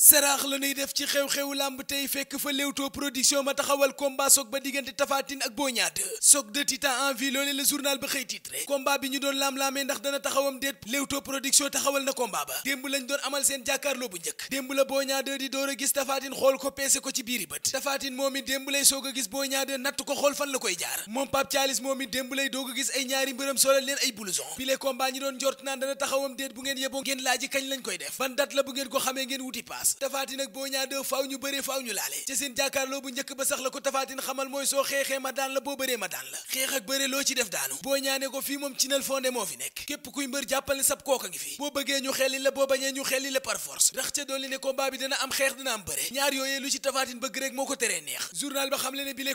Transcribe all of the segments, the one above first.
seraax la nuy def ci xew-xewu làmb tey fekk fa Leewtoo production ma taxawal combat soog ba diggante Tapha Tine ak Boy Niang 2 soog de titan en ñu doon laam-laamee ndax dana taxawam déet na combat ba démb lañ doon amal seen jàkkaarloo bu njëkk démb la Boy Niang a gis Tapha Tine xool ko peese ko ci biiri bët Tapha Tine moom it démb lay a gis Boy Niang 2 natt ko xool fan la koy jaar moom Pape Thialis moom it démb lay doog a gis ay ñaari mbërëm solal leen ay blouson bi le ñi doon njort naan dana taxawam déet bu ngeen yeboo ngeen laaji kañ lañ koy def ban date la bu ngeen ko xamee ngeen wuti paas face tafaatin nag boo ñaa deux faaw ñu bëree faaw ñu laale ci seen jàkkaarloo bu njëkk ba sax la ko tafaatin xamal mooy soo xeexee ma daan la boo bëree ma daan la xeex ak bëree loo ci def daanu boo ñaane ko fii moom ci nel fondé moo fi nekk képp kuy mbër jàppal sab kooka ngi fi boo bëggee ñu xelli la boo bañee ñu xelli la par force rax ca dolli ne combat bi dina am xeex dina am bëre ñaar yooyee lu ci tafaatin bëgg rek moo ko teree neex journal ba xam leneen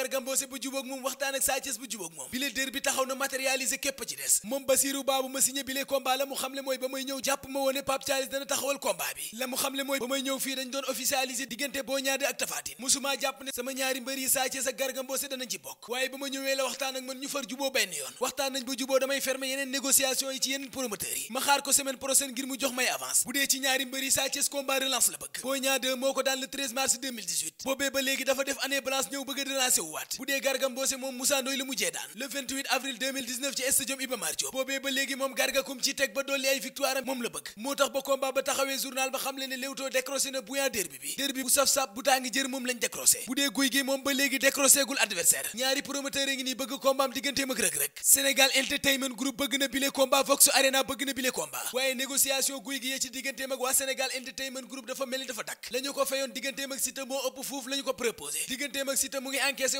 a Garga Mbossé ba jubóog moom waxtaan ak Sa Thiès ba jubóog moom bile dër bi taxaw na matérialiser képp ci des moom Basiru Baabu ma signé bile combat la mu xamle mooy ba may ñëw jàpp ma woone Pape Thialis dana taxawal combat bi la mu xamle mooy ba may ñëw fii dañ doon officialiser diggante Boy Niang 2 ak Tapha Tine musuma jàpp ne sama ñaari mbër yi Sa Thiès ak Garga Mbossé danañ ci bokk waaye ba ma ñëwee la waxtaan ak man ñu far juboo benn yoon waxtaan nañ ba juboo damay fermer yeneen négociation yi ci yeneen promoteurs yi ma xaar ko semaine prochaine ngir mu jox may avance bu dee ci ñaari mbër yi Sa Thiès combat relance la bëgg Boy Niang 2 moo ko daan le 13 mars 2018 boobee ba léegi dafa def année blanche ñëw bëgg a relancer wu bu dee Garga moom Moussa Ndoye la daan avril ci stadium Iba boobee ba léegi moom Garga ci teg ba dolli ay victoire moom la bëgg moo tax ba combat ba taxawee journal ba xam ne Leewtoo décroché na buyan derby bi derby bu saf-saf bu tàngi jër moom lañ décroché bu dee guy gi moom ba léegi décroché gul adversaire ñaari promoteur ngi ni bëgg combaam digganteem ak Reug Reug Sénégal Entertainment Group bëgg na bile combat Vox Arena bëgg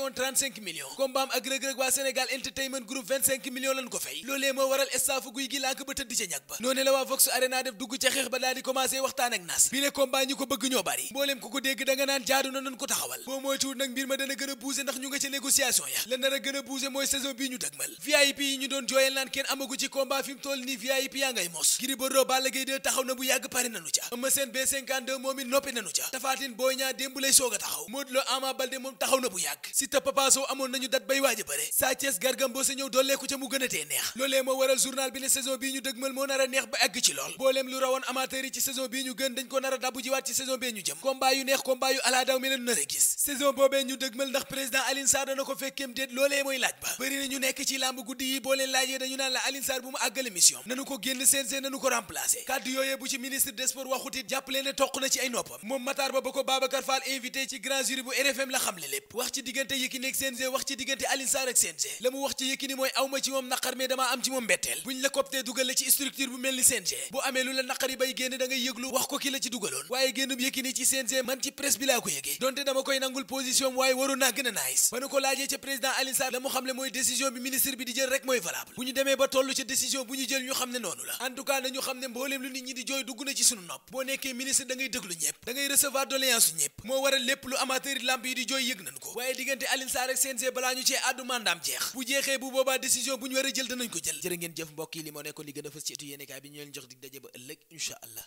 encaissé woon 35 millions combat am ak rëg-rëg waa Sénégal Entertainment Group 25 millions lañ ko fay loolee moo waral staffu guy gi lànk ba tëdd ca ñag ba noonu la waa Vox Arena def dugg ca xeex ba daal di waxtaan ak nas bi le combat ñi ko bëgg ñoo bari mbooleem ku ko dégg da naan jaadu na nañ ko taxawal boo moytuwul nag mbir ma dana gën a buuse ndax ñu nga ca négociation ya la nar a gën a buuse mooy saison bii ñu dëgmal VIP yi ñu doon a taxaw Modou Lo Ama Baldé moom taxaw na bu yàgg Siteu Papa amoon nañu dat bay waaj a bëre Sa ñëw dolleeku ca mu gën neex loolee moo waral journal bi ne saison bii ñu dëgmal moo nar neex ba àgg ci lool booleem lu rawoon amateur yi ci saison bii ñu gën dañ ko nar a jiwaat ci saison bee ñu jëm combat yu neex combat yu alaa daw gis saison boobee ñu dëgmal ndax président Alioune dana ko fekkeem déet loolee mooy laaj ba bëri na nekk ci làmb guddi yi boo diggante Yékini ak CNG wax ci diggante Alioune Sarr ak CNG la mu wax ci Yékini mooy aw ci moom naqar mais damaa am ci moom mbetteel buñ la coptee dugal la ci structure bu mel ni CNG bu amee lu la naqari bay génn da ngay yëglu wax ko ki la ci dugaloon waaye génnum Yékini ci CNG man ci presse bi laa ko yëgee donte dama koy nangul position waaye waroon naa gën a nice ba nu ko laajee ca président Alioune la mu xam le mooy décision bi ministre bi di jël rek mooy valable bu ñu demee ba toll ca décision bu ñu jël ñu xam ne noonu la en tout cas nañu xam ne nit ñi di jooy dugg na ci sunu nopp boo moo waral lépp lu amateur lamb yi di jooy yëg nañu ko diggante Alioune Sarr ak CNG balaa ñu cee àddu mandaam jeex bu jeexee bu boobaa décision bu ñu war a jël danañ ko jël jërë ngeen jëf mbokk yi li moo nekkoon li gën a fës ci etu yéenekaay bi ñu leen jox dig daje ba ëllëg incha allah